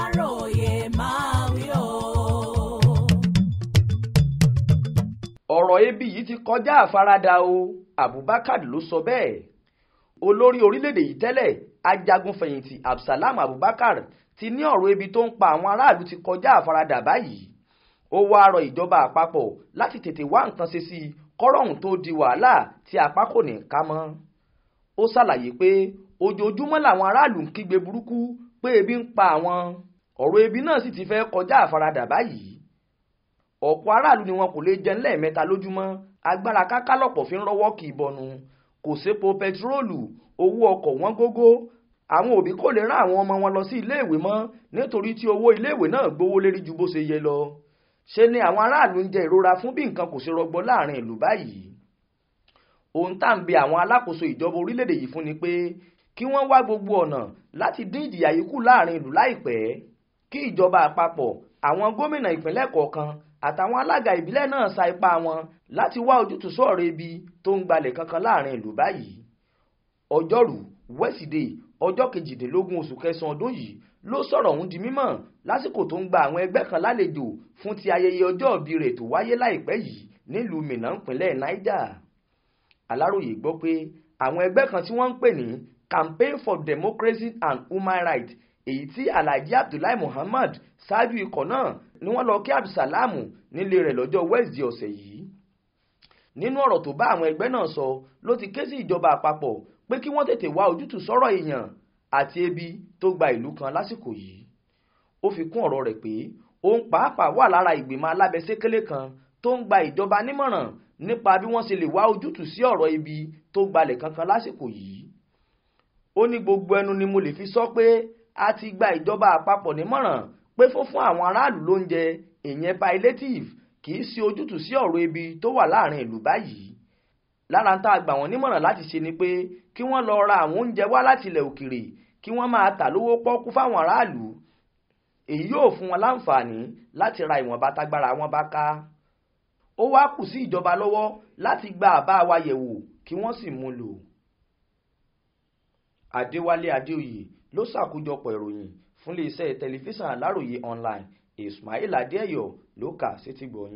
aláròye ọ̀rọ̀ ebi yìí ti kọjá àfaradà o Abubakar ló sọ bẹ́ẹ̀ olórí orílẹ̀-èdè yìí tẹ́lẹ̀ ajagunfẹ̀yìntì Absalam Abubakar ti ní ọ̀rọ̀ ebi tó ń pa àwọn aráàlú ti kọjá àfaradà báyìí ó wáá rọ ìjọba àpapọ̀ láti tètè wá nǹkan ṣe sí i kọ́rọ̀hún tó di wàhálà tí apá kò ní ká mọ́ ó ṣàlàyé pé ojoojúmọ́ làwọn aráàlú ń kígbe burúkú pé ebi ń pa àwọn ọ̀rọ̀ ebi náà sì ti fẹ́ kọjá àfaradà báyìí ọ̀pọ̀ aráàlú ni wọn kò lè jẹun lẹ́ẹ̀mẹ́ta lójúmọ́ agbára káká lọ̀pọ̀ fi ń rọ́wọ́ kì í bọnu kò sépo pẹtiróòlù owó ọkọ̀ wọ́n gógó àwọn òbí kò lè rán àwọn ọmọ wọn lọ sí iléèwé mọ́ nítorí tí owó iléèwé náà gbówó lérí ju bó ṣe yẹ lọ ṣe ni àwọn aráàlú ń jẹ ìrora fún bí nǹkan kò ṣe rọgbọ láàrin ìlú báyìí ohun tá à ń bẹ àwọn alákòóso ìjọba orílẹ̀-èdè yìí fún ni pé kí wọ́n wá gbogbo ọ̀nà láti dín ìjìyà yìí kù láàrin ìlú láìpẹ́ kí ìjọba àpapọ̀ àwọn gómìnà ìpínlẹ̀ kọ̀ọ̀kan àtàwọn alága ìbílẹ̀ náà sa ipá wọn láti wá ojútùú sọ̀rọ̀ ibi tó ń gbalẹ̀ kankan láàrin ìlú báyìí ọjọ́rú wẹ́sídẹ̀ẹ́ ọjọ́ kejìdínlógún oṣù kẹsàn-án ọdún yìí ló sọ̀rọ̀ ọ̀hún di mímọ̀ lásìkò tó ń gba àwọn ẹgbẹ́ kan lálejò fún ti ayẹyẹ ọjọ́ ìbí rẹ̀ tó wáyé láìpẹ́ yìí nílùú Minna ìpínlẹ̀ Niger Aláròyé gbọ́ pé àwọn ẹgbẹ́ kan tí wọ́n ń pè ní Campaign for Democracy and Human Rights èyí tí alhaji abdullahi muhammad ṣáájú ikọ̀ náà ni wọ́n lọ kí abdulsalam nílé rẹ̀ lọ́jọ́ wednesday ọ̀sẹ̀ yìí nínú ọ̀rọ̀ tó bá àwọn ẹgbẹ́ náà sọ ló ti ké sí ìjọba àpapọ̀ pé kí wọ́n tètè wá ojútùú sọ́rọ̀ èèyàn àti ebi tó gba ìlú kan lásìkò yìí ó fi kún ọ̀rọ̀ rẹ̀ pé òun pàápàá wà lára ìgbìmọ̀ alábẹ́sẹ́kẹ́lé kan tó ń gba ìjọba nímọ̀ràn nípa bí wọ́n ṣe a ti gba ìjọba àpapọ̀ nímọ̀ràn pé fúnfún àwọn aráàlú lóúnjẹ ìyẹn palliative kì í ṣe ojútùú sí ọ̀rọ̀ ebi tó wà láàrin ìlú báyìí lára tá a gbà wọ́n nímọ̀ràn láti ṣe ni pé kí wọ́n lọ ra àwọn oúnjẹ wá láti ilẹ̀ òkèrè kí wọ́n máa tà lówó pọ́kú fáwọn aráàlú èyí yóò fún wọn láǹfààní láti ra ìwọ̀nba tágbára wọn bá ká ó wá kù sí ìjọba lọ́wọ́ láti gba àbá wa yẹ̀wò kí wọ́n sì mú lò adéwálé adéoyè ló ṣàkójọpọ̀ ìròyìn fún iléeṣẹ́ tẹlifíṣàn aláròye online ismail adéẹyọ ló kà á sétígbọ̀ọ́